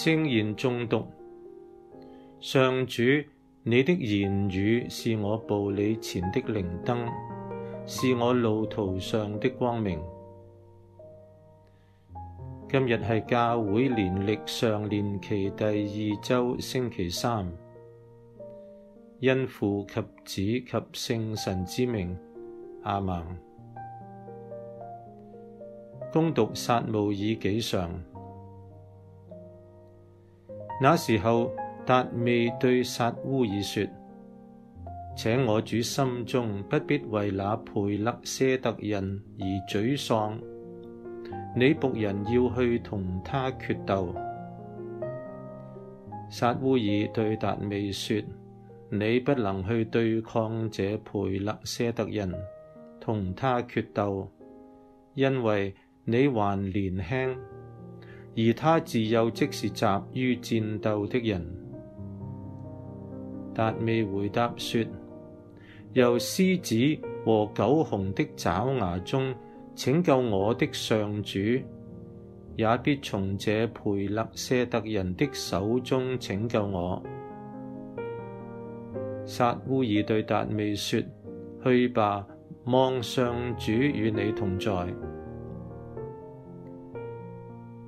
聖言誦讀，上主，你的言語是我步履前的靈燈，是我路途上的光明。今日係教會年曆常年期第二周星期三，因父及子及聖神之名，阿門。恭讀撒慕爾紀上。那時候，達味對撒烏耳說：請我主心中不必為那培肋舍特人而沮喪。你僕人要去同他決鬥。撒烏耳對達味說：你不能去對抗這培肋舍特人同他決鬥，因為你還年輕。而他自幼即是習於戰鬥的人。達味回答說：由獅子和狗熊的爪牙中拯救我的上主，也必從這培肋舍特人的手中拯救我。撒烏耳對達味說：去吧，望上主與你同在。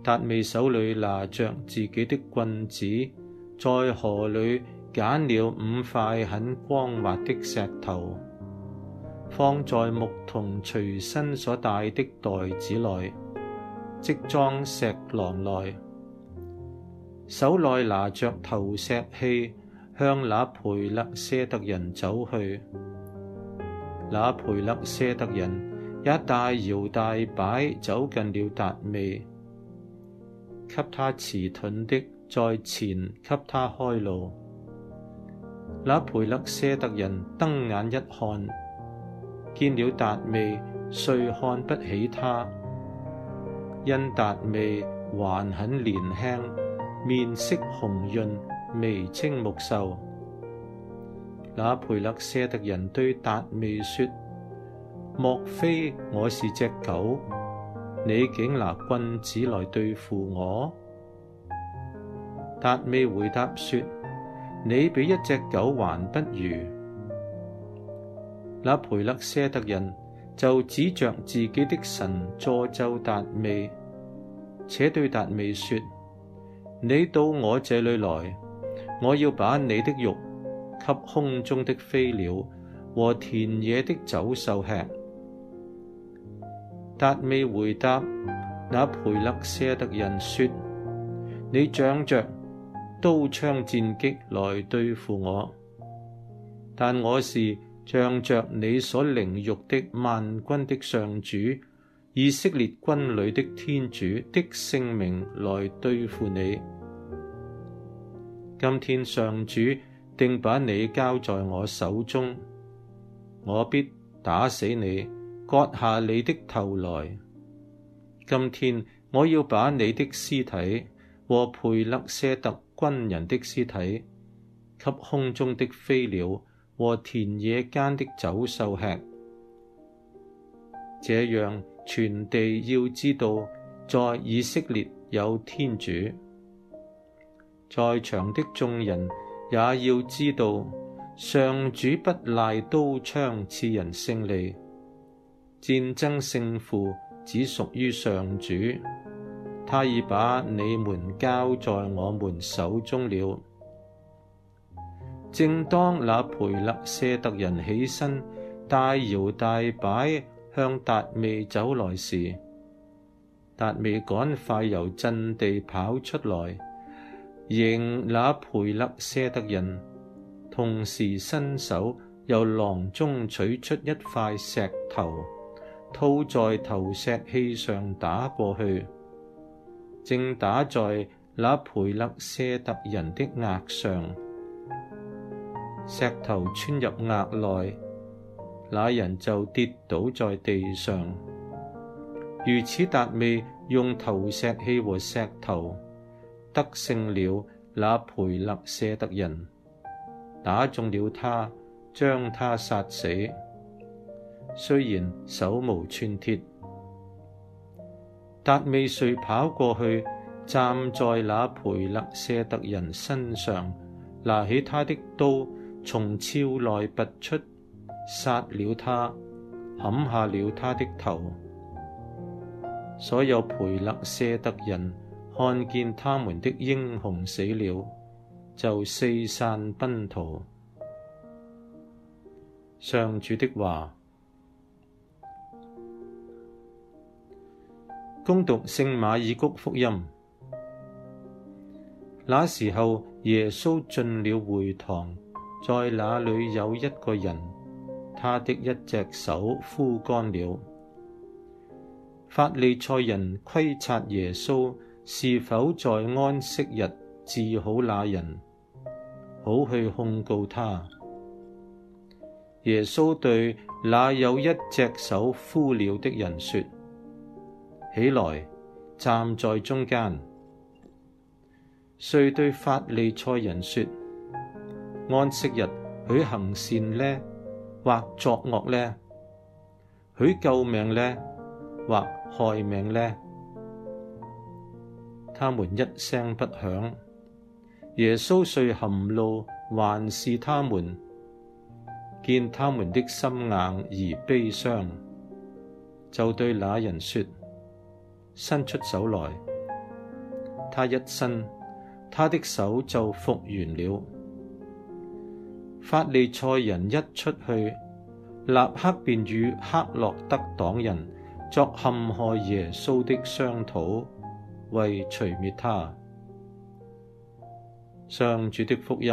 達味手裏拿着自己的棍子，在河裏揀了五塊很光滑的石頭，放在牧童隨身所帶的袋子內，即裝石囊內，手內拿着投石器，向那培肋舍特人走去。那培肋舍特人也大搖大擺走近了達味。給他持盾的在前，給他開路。那培肋舍特人瞪眼一看，見了達味，遂看不起他，因達味還很年輕，面色紅潤，眉清目秀。那培肋舍特人對達味說：莫非我是隻狗？你竟拿棍子來對付我？達味回答說：你比一隻狗還不如。那培肋舍特人就指着自己的神詛咒達味，且對達味說：你到我這裏來，我要把你的肉，給空中的飛鳥和田野的走獸吃。達味回答那培肋舍特人說：你仗着刀槍箭戟來對付我，但我是仗着你所凌辱的萬軍的上主，以色列軍旅的天主的聖名來對付你。今天上主定把你交在我手中，我必打死你。割下你的頭來，今天我要把你的屍體和培肋舍特軍人的屍體，給空中的飛鳥和田野間的走獸吃。這樣全地要知道，在以色列有天主，在場的眾人也要知道，上主不賴刀槍賜人勝利。戰爭勝負只屬於上主，他已把你們交在我們手中了。正當那培肋舍特人起身，大搖大擺向達味走來時，達味趕快由陣地跑出來，迎那培肋舍特人，同時伸手由囊中取出一塊石頭。套在投石器上打過去，正打在那培勒舍特人的額上，石頭穿入額內，那人就跌倒在地上。如此達味，用投石器和石頭，得勝了那培肋舍特人，打中了他，將他殺死。雖然手無寸鐵，達味遂跑過去，站在那培肋舍特人身上，拿起他的刀，從鞘內拔出，殺了他，砍下了他的頭。所有培肋舍特人看見他們的英雄死了，就四散奔逃。上主的話。恭讀聖馬爾谷福音。那時候，耶穌進了會堂，在那裏有一個人，他的一隻手枯乾了。法利塞人窺察耶穌是否在安息日治好那人，好去控告他。耶穌對那有一隻手枯了的人說：起來，站在中間！遂對法利塞人說：安息日許行善呢，或作惡呢？許救命呢，或害命呢？他們一聲不響。耶穌遂含怒，環視他們，見他們的心硬而悲傷，就對那人說。伸出手來，他一伸，他的手就復原了。法利塞人一出去，立刻便與黑落德黨人作陷害耶穌的商討，為除滅他。上主的福音。